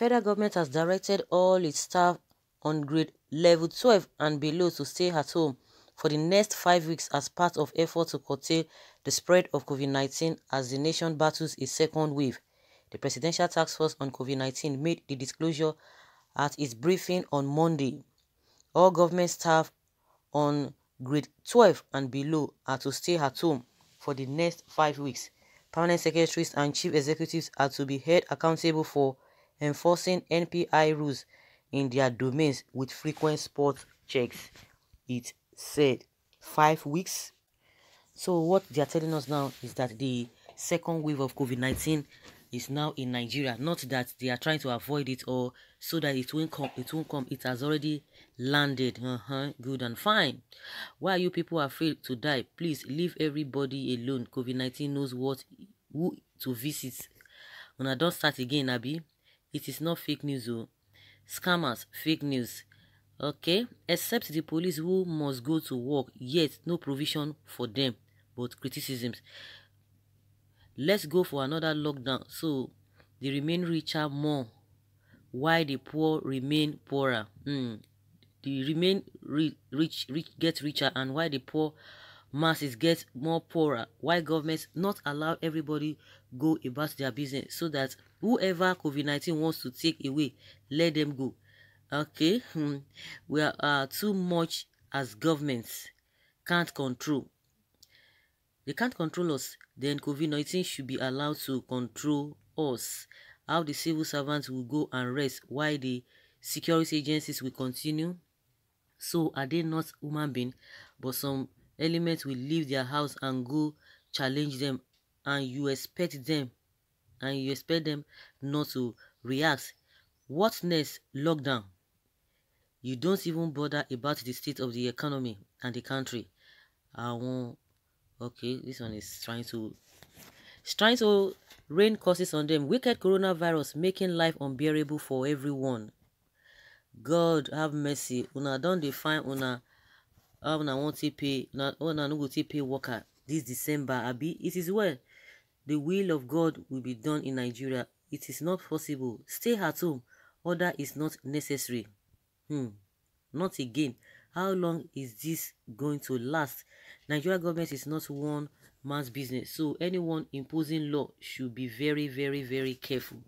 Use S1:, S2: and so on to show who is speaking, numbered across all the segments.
S1: federal government has directed all its staff on grade level 12 and below to stay at home for the next five weeks as part of efforts to curtail the spread of COVID-19 as the nation battles a second wave. The Presidential Task Force on COVID-19 made the disclosure at its briefing on Monday. All government staff on grade 12 and below are to stay at home for the next five weeks. Permanent secretaries and chief executives are to be held accountable for enforcing NPI rules in their domains with frequent spot checks, it said. Five weeks. So, what they are telling us now is that the second wave of COVID 19 is now in Nigeria. Not that they are trying to avoid it or so that it won't come, it won't come. It has already landed. Uh huh. Good and fine. Why are you people afraid to die? Please leave everybody alone. COVID 19 knows what who to visit. When I don't start again, Abby. It is not fake news. Oh. Scammers, fake news. Okay, except the police who must go to work, yet no provision for them, but criticisms. Let's go for another lockdown so they remain richer more, while the poor remain poorer. Mm. The remain ri rich, rich get richer and while the poor masses get more poorer why governments not allow everybody go about their business so that whoever covid-19 wants to take away let them go okay hmm, we are uh, too much as governments can't control they can't control us then covid-19 should be allowed to control us how the civil servants will go and rest Why the security agencies will continue so are they not human beings but some elements will leave their house and go challenge them and you expect them and you expect them not to react what next lockdown you don't even bother about the state of the economy and the country i won't okay this one is trying to trying to rain curses on them wicked coronavirus making life unbearable for everyone god have mercy una don't define una I na to pay na go take pay worker this december abi it is well the will of god will be done in nigeria it is not possible stay at home order is not necessary hmm not again how long is this going to last nigeria government is not one man's business so anyone imposing law should be very very very careful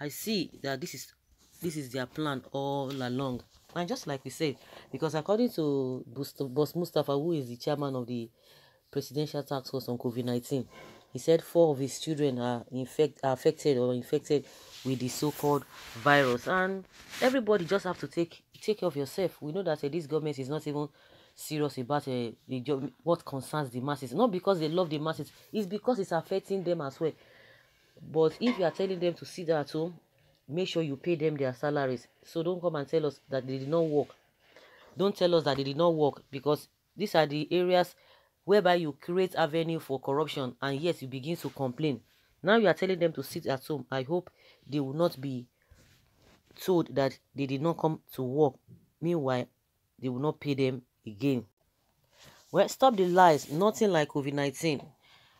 S1: i see that this is this is their plan all along and just like we said, because according to Boss Mustafa, who is the chairman of the Presidential Task Force on COVID 19, he said four of his children are, infect, are affected or infected with the so-called virus and everybody just have to take take care of yourself we know that uh, this government is not even serious about uh, the job what concerns the masses not because they love the masses it's because it's affecting them as well but if you are telling them to sit at home make sure you pay them their salaries. So don't come and tell us that they did not work. Don't tell us that they did not work because these are the areas whereby you create avenue for corruption and yet you begin to complain. Now you are telling them to sit at home. I hope they will not be told that they did not come to work. Meanwhile, they will not pay them again. Well, stop the lies. Nothing like COVID-19.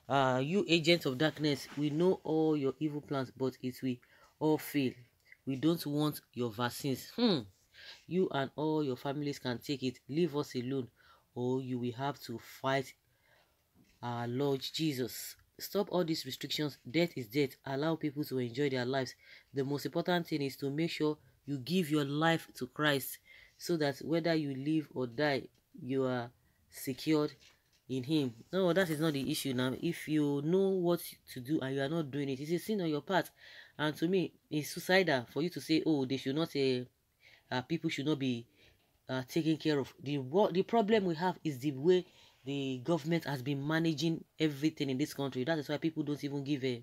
S1: Uh, you agents of darkness, we know all your evil plans, but it will or fail. We don't want your vaccines. Hmm. You and all your families can take it. Leave us alone or you will have to fight our Lord Jesus. Stop all these restrictions. Death is death. Allow people to enjoy their lives. The most important thing is to make sure you give your life to Christ so that whether you live or die, you are secured in him no that is not the issue now if you know what to do and you are not doing it it's a sin on your part and to me, it's suicidal for you to say, oh, they should not, uh, uh people should not be uh, taken care of. The, the problem we have is the way the government has been managing everything in this country. That is why people don't even give a, eh,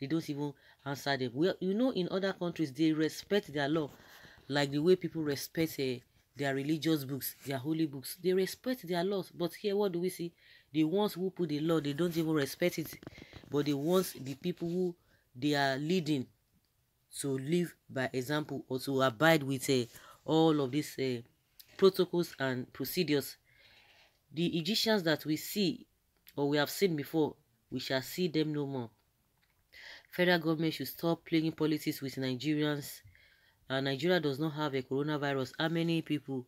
S1: they don't even answer them. Well, you know, in other countries, they respect their law, like the way people respect uh, their religious books, their holy books. They respect their laws. But here, what do we see? The ones who put the law, they don't even respect it. But the ones, the people who they are leading to live by example or to abide with uh, all of these uh, protocols and procedures. The Egyptians that we see or we have seen before, we shall see them no more. Federal government should stop playing politics with Nigerians. Uh, Nigeria does not have a coronavirus. How many people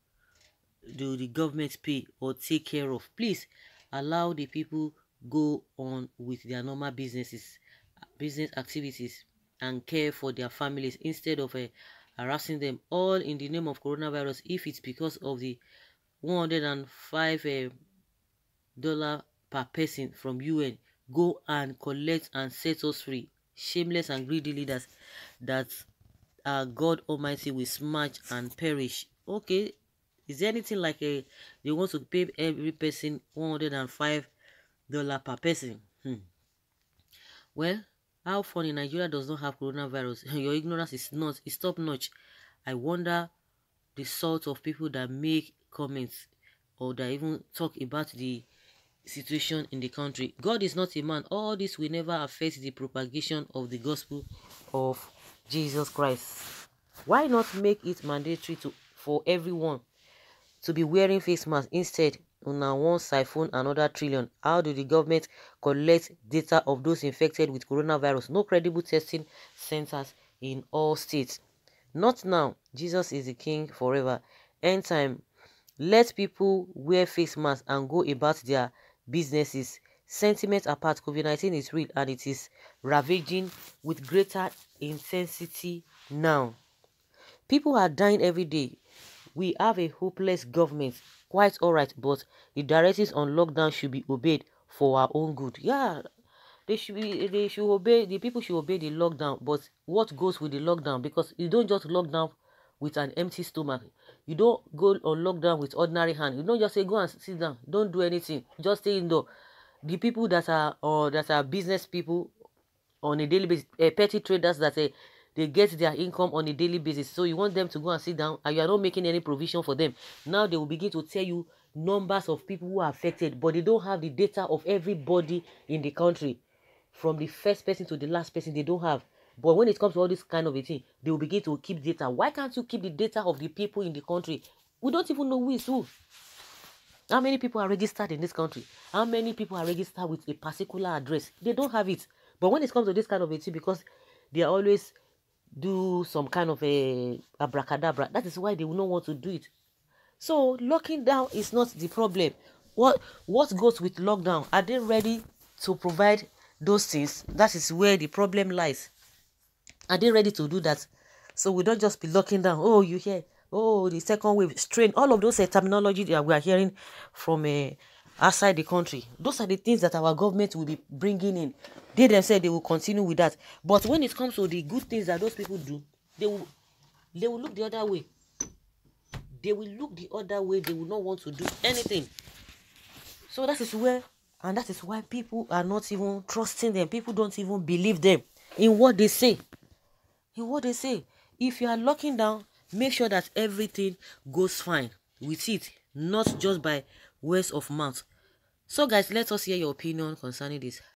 S1: do the government pay or take care of? Please allow the people go on with their normal businesses business activities and care for their families instead of uh, harassing them all in the name of coronavirus if it's because of the 105 eh, dollar per person from UN go and collect and set us free shameless and greedy leaders that uh, God Almighty will smash and perish okay is there anything like a eh, they want to pay every person 105 dollar per person hmm. well how funny Nigeria does not have coronavirus. Your ignorance is not is top notch. I wonder the sort of people that make comments or that even talk about the situation in the country. God is not a man. All this will never affect the propagation of the gospel of Jesus Christ. Why not make it mandatory to for everyone to be wearing face masks instead una wan siphon another trillion how do the government collect data of those infected with coronavirus no credible testing centers in all states not now jesus is the king forever end time let people wear face masks and go about their businesses sentiment apart covid-19 is real and it is ravaging with greater intensity now people are dying every day we have a hopeless government, quite all right, but the directives on lockdown should be obeyed for our own good. Yeah, they should be, they should obey the people should obey the lockdown. But what goes with the lockdown? Because you don't just lockdown with an empty stomach. You don't go on lockdown with ordinary hand. You don't just say go and sit down. Don't do anything. Just stay in The people that are or that are business people on a daily basis, uh, petty traders that say they get their income on a daily basis so you want them to go and sit down and you are not making any provision for them now they will begin to tell you numbers of people who are affected but they don't have the data of everybody in the country from the first person to the last person they don't have but when it comes to all this kind of a thing they will begin to keep data why can't you keep the data of the people in the country we don't even know who is who how many people are registered in this country how many people are registered with a particular address they don't have it but when it comes to this kind of a thing because they are always do some kind of a abracadabra. That is why they will not want to do it. So locking down is not the problem. What what goes with lockdown? Are they ready to provide those things? That is where the problem lies. Are they ready to do that? So we don't just be locking down. Oh, you hear? Oh, the second wave strain. All of those uh, terminology that we are hearing from uh, outside the country. Those are the things that our government will be bringing in. They themselves they will continue with that. But when it comes to the good things that those people do, they will they will look the other way. They will look the other way. They will not want to do anything. So that is where and that is why people are not even trusting them. People don't even believe them in what they say. In what they say. If you are locking down, make sure that everything goes fine with it, not just by words of mouth. So, guys, let us hear your opinion concerning this.